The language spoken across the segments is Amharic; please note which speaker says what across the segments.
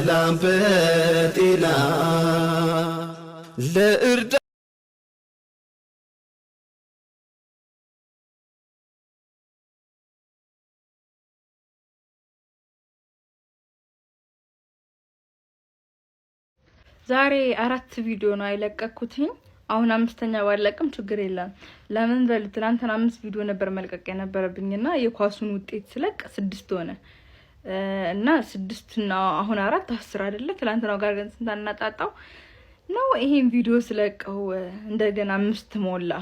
Speaker 1: በሰላም በጤና ለእርዳ ዛሬ አራት ቪዲዮ ነው አይለቀኩትኝ። አሁን አምስተኛ ባለቅም ችግር የለም። ለምን በል ትናንትና አምስት ቪዲዮ ነበር መልቀቅ የነበረብኝና የኳሱን ውጤት ስለቅ ስድስት ሆነ። እና ስድስትና አሁን አራት አስር አይደለ ትላንትናው ጋር ግን ስንት አናጣጣው ነው። ይሄን ቪዲዮ ስለቀው እንደገና አምስት ሞላ።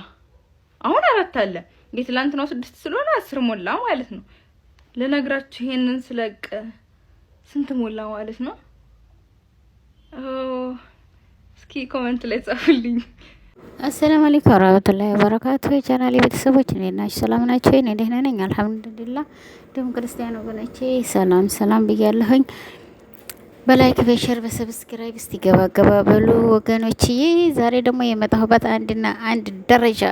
Speaker 1: አሁን አራት አለ። የትላንትናው ስድስት ስለሆነ አስር ሞላ ማለት ነው። ለነግራችሁ ይሄንን ስለቅ ስንት ሞላ ማለት ነው። እስኪ ኮመንት ላይ ጻፉልኝ።
Speaker 2: አሰላም አለይኩም ወራህመቱላሂ ወበረካቱ የቻናሌ ቤተሰቦች እንዴት ናችሁ? ሰላም ናችሁ? እኔ ደህና ነኝ አልሐምዱሊላህ። እንዲሁም ክርስቲያን ወገኖቼ ሰላም ሰላም ብያለሁኝ። በላይክ በሼር በሰብስክራይብ እስቲ ገባ ገባ በሉ ወገኖችዬ። ዛሬ ደግሞ የመጣሁበት አንድና አንድ ደረጃ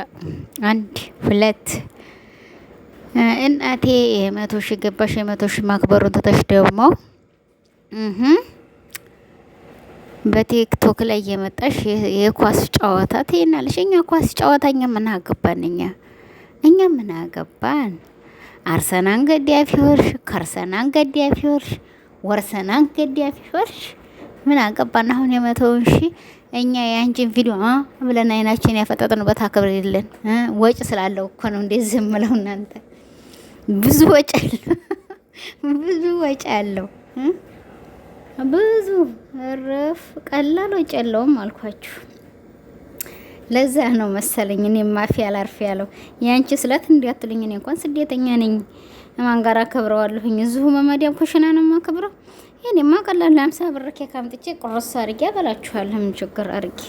Speaker 2: አንድ ሁለት እናቴ የመቶ ሺህ ገባሽ የመቶ ሺህ ማክበሩን ትተሽ ደግሞ በቲክቶክ ላይ እየመጣሽ የኳስ ጨዋታ ትይናለሽ። እኛ ኳስ ጨዋታ እኛ ምን አገባን? እኛ እኛ ምን አገባን? አርሰናን ገዲያ ፊወርሽ፣ ከርሰናን ገዲያ ፊወርሽ፣ ወርሰናን ገዲያ ፊወርሽ ምን አገባን? አሁን የመተውን ሺ እኛ የአንቺን ቪዲዮ ብለን አይናችን ያፈጠጥንበት አክብር የለን ወጪ ስላለው እኮ ነው እንዴት ዝም ብለው እናንተ ብዙ ወጭ አለው ብዙ ወጭ አለው። ብዙ እርፍ ቀላል ወጪ የለውም አልኳችሁ። ለዛ ነው መሰለኝ እኔ ማፊ አላርፍ ያለው ያንቺ ስለት እንዲያትልኝ። እኔ እንኳን ስደተኛ ነኝ ማን ጋር አከብረዋለሁኝ? እዚሁ መመዲያም ኩሽና ነው የማከብረው። ይሄን የማቀላል ለአምሳ ብር ኬክ አምጥቼ ቁርስ አርጌ አበላችኋለሁ። ምን ችግር አርጌ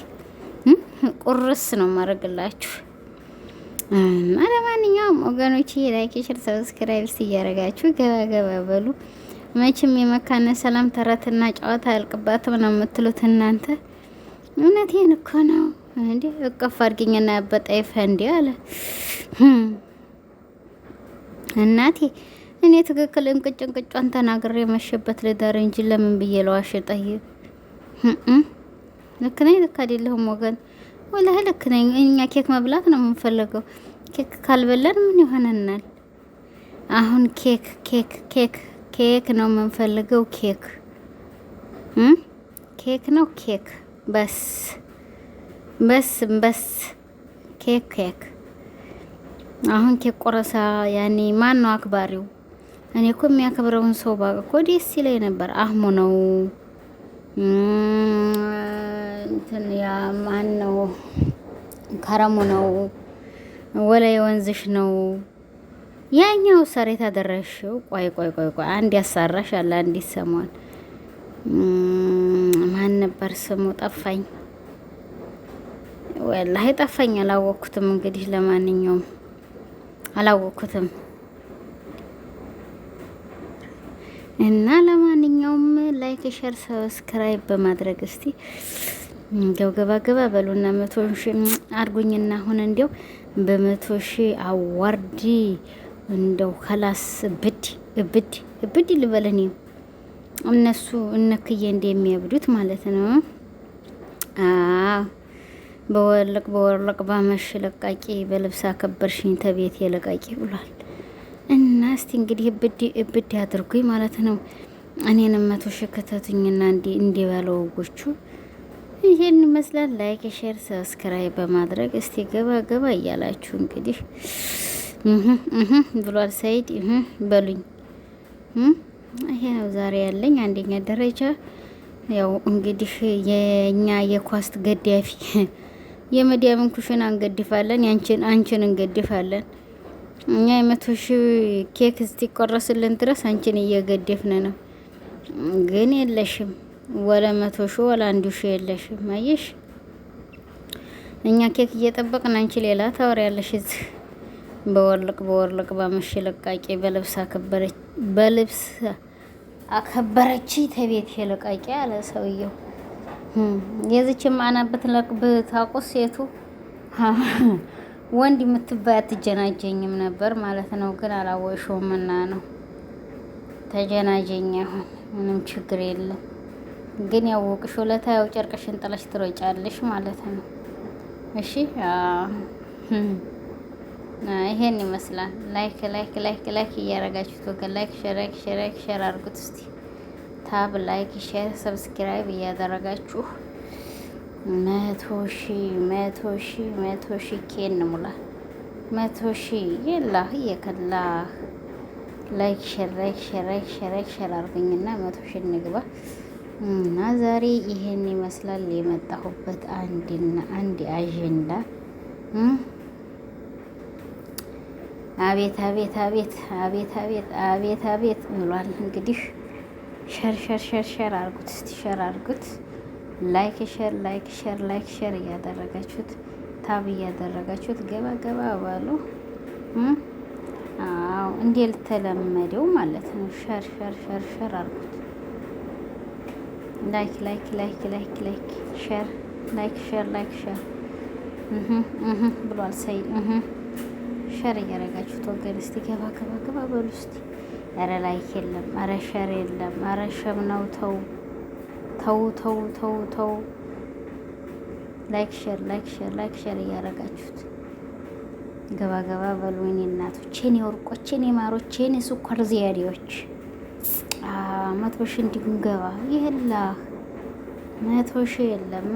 Speaker 2: ቁርስ ነው ማረግላችሁ። እና ለማንኛውም ወገኖች ላይክ፣ ሼር፣ ሰብስክራይብ እያረጋችሁ ገባ ገባ በሉ። መቼም የመካነ ሰላም ተረትና ጨዋታ አያልቅባትም ነው የምትሉት እናንተ። እውነቴን እኮ ነው። እንዲ እቅፍ አድርጊኝና ያበጠይፈ እንዲ አለ እናቴ። እኔ ትክክል እንቅጭ እንቅጯን ተናግሬ የመሸበት ልደር እንጂ ለምን ብዬ ለዋሽ ጠይ ልክ ነኝ ልክ አይደለሁም ወገን? ወላህ ልክ ነኝ። እኛ ኬክ መብላት ነው የምንፈልገው። ኬክ ካልበላን ምን ይሆነናል? አሁን ኬክ ኬክ ኬክ ኬክ ነው የምንፈልገው። ኬክ ኬክ ነው ኬክ። በስ በስ በስ ኬክ ኬክ። አሁን ኬክ ቆረሳ። ያኔ ማን ነው አክባሪው? እኔ እኮ የሚያከብረውን ሰው ባውቅ እኮ ደስ ይለኝ ነበር። አህሙ ነው እንትን ያ ማን ነው? ከረሙ ነው ወላይ ወንዝሽ ነው ያኛው ሰር የታደረሽው ቆይ ቆይ ቆይ ቆይ አንድ ያሳራሽ አለ። አንዲት ሰሞን ማን ነበር ስሙ? ጠፋኝ፣ ወላሂ ጠፋኝ፣ አላወቅኩትም። እንግዲህ ለማንኛውም አላወቅኩትም እና ለማንኛውም ላይክ፣ ሸር፣ ሰብስክራይብ በማድረግ እስቲ እንዲያው ገባ ገባ በሉና መቶ ሺ አድርጉኝና አሁን እንዲያው በመቶ ሺ አዋርዲ እንደው ከላስ እብድ እብድ እብድ ልበል እነሱ እነክዬ እንደሚያብዱት ማለት ነው። በወርልቅ በወርልቅ በመሽ ለቃቂ በልብስ አከበርሽኝ ተቤት የለቃቂ ብሏል። እና እስቲ እንግዲህ እብድ እብድ አድርጉኝ ማለት ነው። እኔንም መቶ ሺህ ክተቱኝና እንዲ በለው ወጎቹ ይህን ይመስላል። ላይክ ሼር፣ ሰብስክራይብ በማድረግ እስቲ ገባ ገባ እያላችሁ እንግዲህ ብሏል ሰይድ። በሉኝ ይሄ ነው ዛሬ ያለኝ አንደኛ ደረጃ። ያው እንግዲህ የኛ የኳስት ገዳፊ የመዲያምን ኩሽን አንገድፋለን፣ ያንቺን አንቺን እንገድፋለን። እኛ የመቶ ሺህ ኬክ እስቲቆረስልን ድረስ አንቺን እየገደፍን ነው። ግን የለሽም ወለ መቶ ሺ ወለ አንዱ ሺ የለሽም። አየሽ፣ እኛ ኬክ እየጠበቅን አንቺ ሌላ ታወሪያለሽ እዚህ በወርልቅ በወርልቅ በምሽ በልብስ አከበረች በልብስ አከበረች ተቤት የልቃቄ አለ ሰውየው። የዚች ማናበት ለብታቁ ሴቱ ወንድ የምትባይ አትጀናጀኝም ነበር ማለት ነው። ግን አላወቅሽውምና ነው ተጀናጀኝ። አሁን ምንም ችግር የለም። ግን ያወቅሽው ለታ ያው ጨርቅሽን ጥለሽ ትሮጫለሽ ማለት ነው። እሺ ይሄን ይመስላል። ላይክ ላይክ ላይክ ላይክ እያረጋችሁ ተወከል ላይክ ሼር ላይክ ሼር ላይክ ሼር አድርጉት እስቲ ታብ ላይክ ሼር ሰብስክራይብ እያደረጋችሁ መቶ ሺ መቶ ሺ መቶ ሺ ኬን ሙላ መቶ ሺ የላ የከላ ላይክ ሼር ላይክ ሼር ላይክ ሼር ላይክ ሼር አድርጉኝና መቶ ሺ እንግባ እና ዛሬ ይሄን ይመስላል የመጣሁበት አንድና አንድ አጀንዳ አቤት አቤት አቤት አቤት አቤት አቤት አቤት እንሏል። እንግዲህ ሸር ሸር ሸር ሸር አርጉት፣ እስቲ ሸር አርጉት። ላይክ ሸር ላይክ ሸር ላይክ ሸር እያደረጋችሁት ታብ እያደረጋችሁት ገባ ገባ ባሉ አዎ፣ እንዴ ልተለመደው ማለት ነው። ሸር ሸር ሸር ሸር አርጉት። ላይክ ላይክ ላይክ ላይክ ላይክ ሸር ላይክ ሸር ላይክ ሸር ብሏል እህ ሸር እያረጋችሁት ወገን እስቲ ገባ ገባ ገባ በሉ እስቲ። ኧረ ላይክ የለም፣ ኧረ ሸር የለም፣ ኧረ ሸም ነው። ተው ተው ተው ተው ተው። ላይክ ሸር፣ ላይክ ሸር፣ ላይክ ሸር እያረጋችሁት ገባ ገባ በሉ። የኔ እናቶች፣ የኔ ወርቆች፣ የኔ ማሮች፣ የኔ ስኳር ዚያዲዎች መቶ ሺህ እንዲሁም ገባ ይህላ መቶ ሺህ የለም፣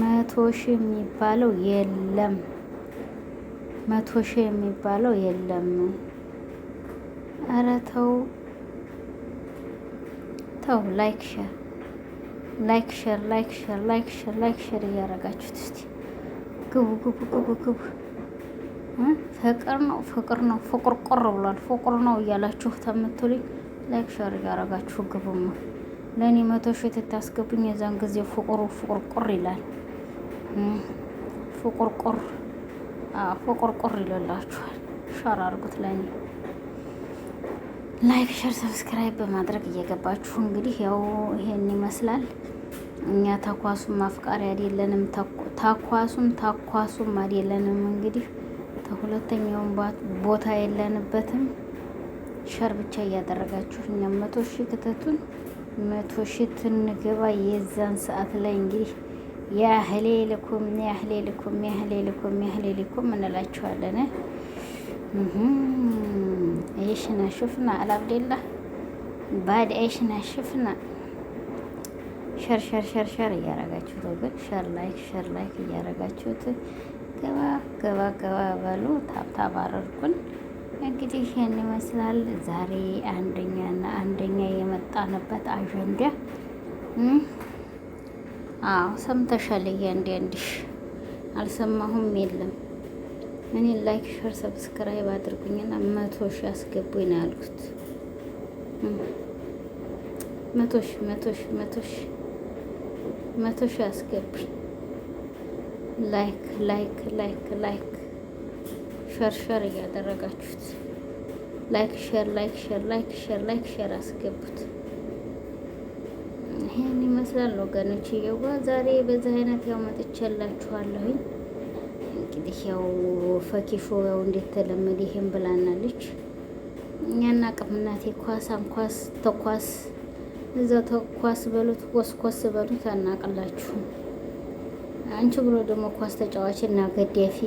Speaker 2: መቶ ሺህ የሚባለው የለም። መቶ ሺህ የሚባለው የለም። ኧረ ተው ተው። ላይክ ሸር ላይክ ሸር ላይክ ሸር ላይክ ሸር ላይክ ሸር እያደረጋችሁት እስቲ ግቡ ግቡ ግቡ ግቡ። ፍቅር ነው ፍቅር ነው ፍቅር ቆር ብሏል። ፍቅር ነው እያላችሁ ተምትሉኝ ላይክ ሸር እያደረጋችሁ ግቡማ። ለእኔ መቶ ሺህ ትታስገቡኝ የዛን ጊዜ ፍቅሩ ፍቅር ቆር ይላል። ፍቅር ቆር ፎቆርቆር ይለላችኋል። ሸር አድርጉት። ለእኔ ላይክ፣ ሸር፣ ሰብስክራይብ በማድረግ እየገባችሁ እንግዲህ ያው ይሄን ይመስላል። እኛ ተኳሱም አፍቃሪ አይደለንም። ተኳሱም ታኳሱም አይደለንም። እንግዲህ ተሁለተኛውን ቦታ የለንበትም። ሸር ብቻ እያደረጋችሁ እኛ መቶ ሺህ ክተቱን መቶ ሺህ ትንገባ የዛን ሰዓት ላይ እንግዲህ ያህሌ ልኩም ያህሌ ልኩም ያህሌ እንላችኋለን። ይሽና ሽፍና አልአብዴላ ባድ አይሽና ሽፍና ሸር ሸር ሸር ሸር እያረጋችሁት ወገን ሸር ላይክ ሸር ላይክ እያረጋችሁት ገባ ገባ ገባ በሉ ታብታብ አረርኩን። እንግዲህ ይህን ይመስላል ዛሬ አንደኛና አንደኛ የመጣንበት አጀንዳ አዎ ሰምተሻል። እያንዳንድሽ አልሰማሁም የለም። እኔ ላይክ ሸር ሰብስክራይብ አድርጉኝና መቶ ሺ አስገቡኝ ነው ያልኩት። መቶ ሺ መቶ ሺ መቶ ሺ መቶ ሺ አስገቡኝ። ላይክ ላይክ ላይክ ላይክ ሸር ሸር እያደረጋችሁት ላይክ ሸር ላይክ ሸር ላይክ ሸር ላይክ ሸር አስገቡት። ይህን ይመስላል ወገኖች። እየዋ ዛሬ በዚህ አይነት ያው መጥቼላችኋለሁኝ። እንግዲህ ያው ፈኪሾ ያው እንዴት እንደተለመደ ይሄን ብላናለች። እኛና ቅምናቴ ኳስ አንኳስ ተኳስ እዛ ተኳስ በሉት ኮስኮስ በሉት አናቅላችሁም። አንቺ ብሎ ደግሞ ኳስ ተጫዋች እና ገዳፊ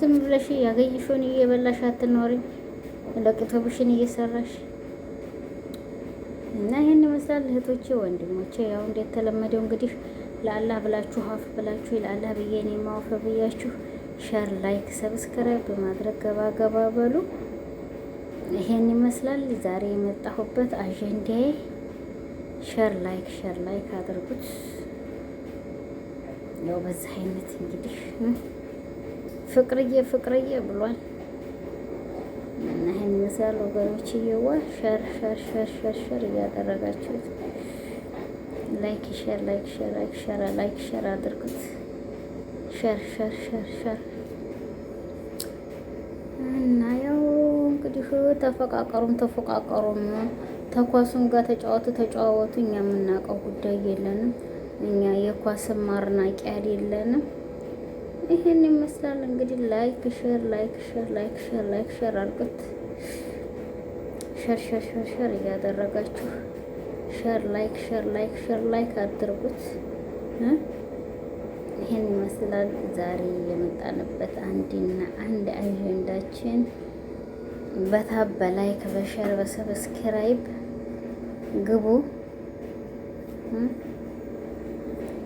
Speaker 2: ዝም ብለሽ ያገኝሽውን እየበላሽ አትኖሪ፣ ለቅቶብሽን እየሰራሽ እና ይህን ይመስላል እህቶቼ ወንድሞቼ። ያው እንደተለመደው እንግዲህ ለአላህ ብላችሁ አፍ ብላችሁ ለአላህ ብዬ እኔ ማወፈ ብያችሁ ሸር፣ ላይክ፣ ሰብስክራይብ በማድረግ ገባ ገባ በሉ። ይሄን ይመስላል ዛሬ የመጣሁበት አጀንዳዬ። ሸር ላይክ ሸር ላይክ አድርጉት። ያው በዛ አይነት እንግዲህ ፍቅርዬ ፍቅርዬ ብሏል። ያዛል ወገኖች። እየዋ ሸር ሸር ሸር ሸር ሸር እያደረጋችሁት ላይክ ሸር ላይክ ሸር ላይክ ሸር ላይክ ሸር አድርጉት። ሸር ሸር ሸር ሸር እና ያው እንግዲህ ተፈቃቀሩም ተፈቃቀሩም ተኳሱም ጋር ተጫወቱ ተጫወቱ። እኛ የምናውቀው ጉዳይ የለንም። እኛ የኳስም ማርናቂ አይደለንም። ይሄን ይመስላል እንግዲህ ላይክ ሼር ላይክ ሼር ላይክ ሼር ላይክ ሼር አድርጉት። ሸር ሸር ሸር ሸር እያደረጋችሁ ሸር ላይክ ሸር ላይክ ሸር ላይክ አድርጉት። ይህን ይመስላል ዛሬ የመጣንበት አንድና አንድ አጀንዳችን በታብ በላይክ በሸር በሰብስክራይብ ግቡ።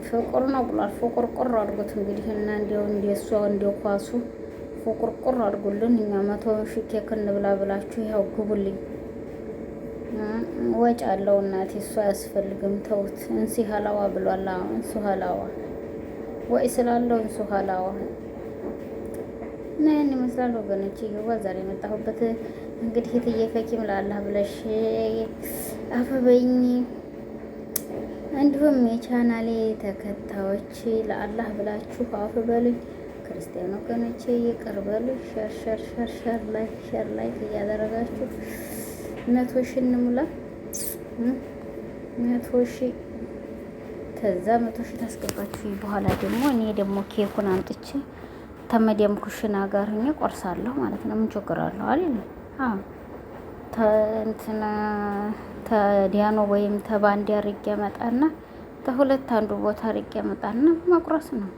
Speaker 2: ፍቁር ነው ብሏል። ፍቁር ቁር አድርጉት እንግዲህ እና እንዲያው እንደሷ እንዲያው ኳሱ ቁርቁር አድርጉልን። እኛ መቶ ሺህ ኬክ እንብላ ብላችሁ ያው ግቡልኝ። ወጭ አለው እናቴ፣ እሱ አያስፈልግም ተውት። እንሲ ሀላዋ ብሏላ እንሱ ሀላዋ ወይ ስላለው እንሱ ሀላዋ እና ያን ይመስላል ወገኖች። ይሁዋ ዛሬ የመጣሁበት እንግዲህ እትዬ ፈኪም ለአላህ ብለሽ አፈበኝ እንዲሁም የቻናሌ ተከታዮች ለአላህ ብላችሁ አፈበሉኝ። ክርስቲያን ወገኖቼ ይቅር በሉ። ሸር ሸር ሸር ሸር ላይክ ሸር ላይክ እያደረጋችሁ መቶ ሺህ እንሙላ። መቶ ሺህ ከዛ መቶ ሺህ ታስገባችሁ በኋላ ደግሞ እኔ ደግሞ ኬኩን አምጥቼ ተመዲያም ኩሽና ጋር ሆኜ ቆርሳለሁ ማለት ነው። ምን ችግር አይደል? አዎ እንትና ተዲያኖ ወይም ተባንዲ አድርጌ መጣና ተሁለት አንዱ ቦታ አድርጌ መጣና መቁረስ ነው።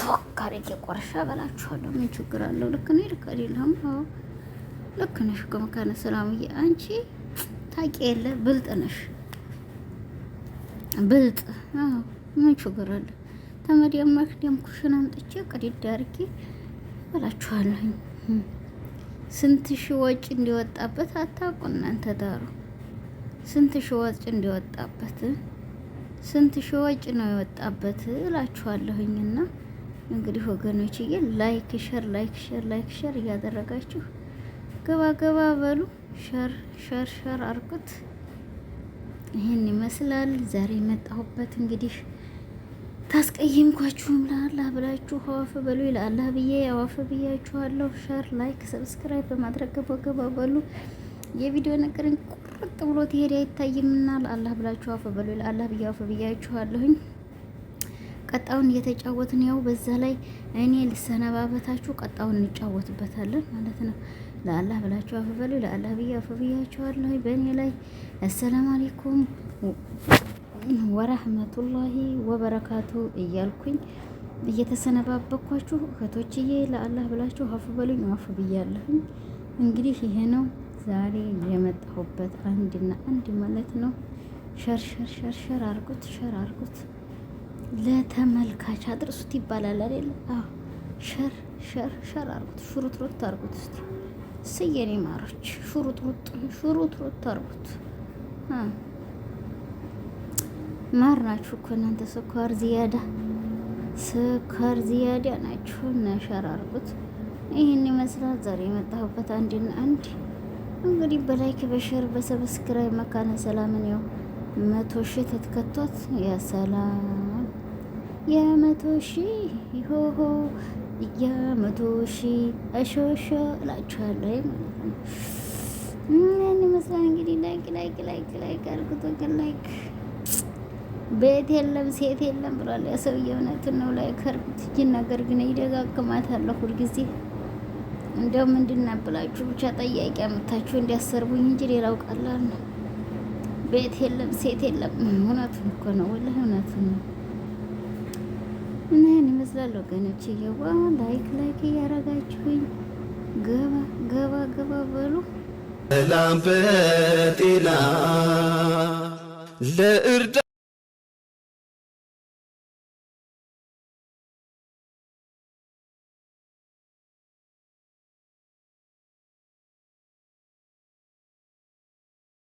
Speaker 2: ፎክ አድርጌ ቆርሻ በላችኋለሁ። ምን ችግር አለው? ልክ ነኝ፣ ልክ አይደለም? አዎ ልክ ነሽ። ከመካነ ሰላምዬ አንቺ ታውቂ የለ ብልጥ ነሽ፣ ብልጥ አዎ። ምን ችግር አለ? ተመዲያም ደም ኩሽና አምጥቼ ቀዲዳ አድርጌ በላችኋለሁ። ስንት ሺ ወጪ እንዲወጣበት አታውቁ እናንተ ዳሩ፣ ስንት ሺ ወጪ እንዲወጣበት ስንት ሺህ ወጪ ነው የወጣበት እላችኋለሁኝና እንግዲህ ወገኖችዬ ላይክ ሸር ላይክ ሸር ላይክ ሸር እያደረጋችሁ ገባ ገባ በሉ። ሸር ሸር ሸር አርጉት። ይህን ይመስላል ዛሬ የመጣሁበት እንግዲህ ታስቀየምኳችሁም ለአላህ ብላችሁ አዋፍ በሉ ለአላህ ብዬ አዋፍ ብያችኋለሁ። ሸር ላይክ ሰብስክራይብ በማድረግ ገባ ገባ በሉ። የቪዲዮ ነገርን ቀጥ ብሎ ትሄድ አይታይምና ለአላህ ብላችሁ አፈ በሉ። ለአላህ ብዬ አፈ ብያችኋለሁኝ። ቀጣውን እየተጫወትን ያው በዛ ላይ እኔ ልሰነባበታችሁ፣ ቀጣውን እንጫወትበታለን ማለት ነው። ለአላህ ብላችሁ አፈ በሉ። ለአላህ ብዬ አፈ ብያችኋለሁ በእኔ ላይ። አሰላም አሌይኩም ወረህመቱላሂ ወበረካቱ እያልኩኝ እየተሰነባበኳችሁ እህቶችዬ ለአላህ ብላችሁ አፈበሉኝ በሉኝ። ብያለሁኝ። እንግዲህ ይሄ ነው። ዛሬ የመጣሁበት አንድና አንድ ማለት ነው። ሸርሸር ሸርሸር አርጉት፣ ሸር አርጉት፣ ለተመልካች አድርሱት ይባላል አይደል? አዎ፣ ሸር ሸር ሸር አርጉት፣ ሩት አርጉት። እስቲ ስየኔ ማሮች ሹሩት ሩት አርጉት። ማር ናችሁ እኮ እናንተ ስኳር ዝያዳ ስኳር ዝያዳ ናችሁ። እና አርጉት። ይህን ይመስላል ዛሬ የመጣሁበት አንድና አንድ እንግዲህ በላይክ በሸር በሰብስክራይብ መካነ ሰላምን ያው መቶ ሺህ ተትከቷት ያሰላም የመቶ ሺ ሆሆ የመቶ ሺህ እሾሾ እላችኋለሁ ማለት ነው። ምን ይመስላል እንግዲህ ላይክ ላይክ ላይክ ላይክ አድርጉት ወገን። ላይክ ቤት የለም ሴት የለም ብሏል ያ ሰውዬ። እውነትን ነው። ላይክ አድርጉት። ይህን ነገር ግን ይደጋግማታለሁ ሁልጊዜ እንደው ምንድናብላችሁ ብቻ ጠያቂ አምታችሁ እንዲያሰርቡኝ እንጂ ሌላው ቀላል ነው። ቤት የለም፣ ሴት የለም። እውነቱን እኮ ነው፣ ወላሂ እውነቱን ነው። እነህን ይመስላል ወገኖች። እየዋ ላይክ ላይክ እያረጋችሁኝ ገባ ገባ ገባ በሉ ላምበጤና ለእርዳ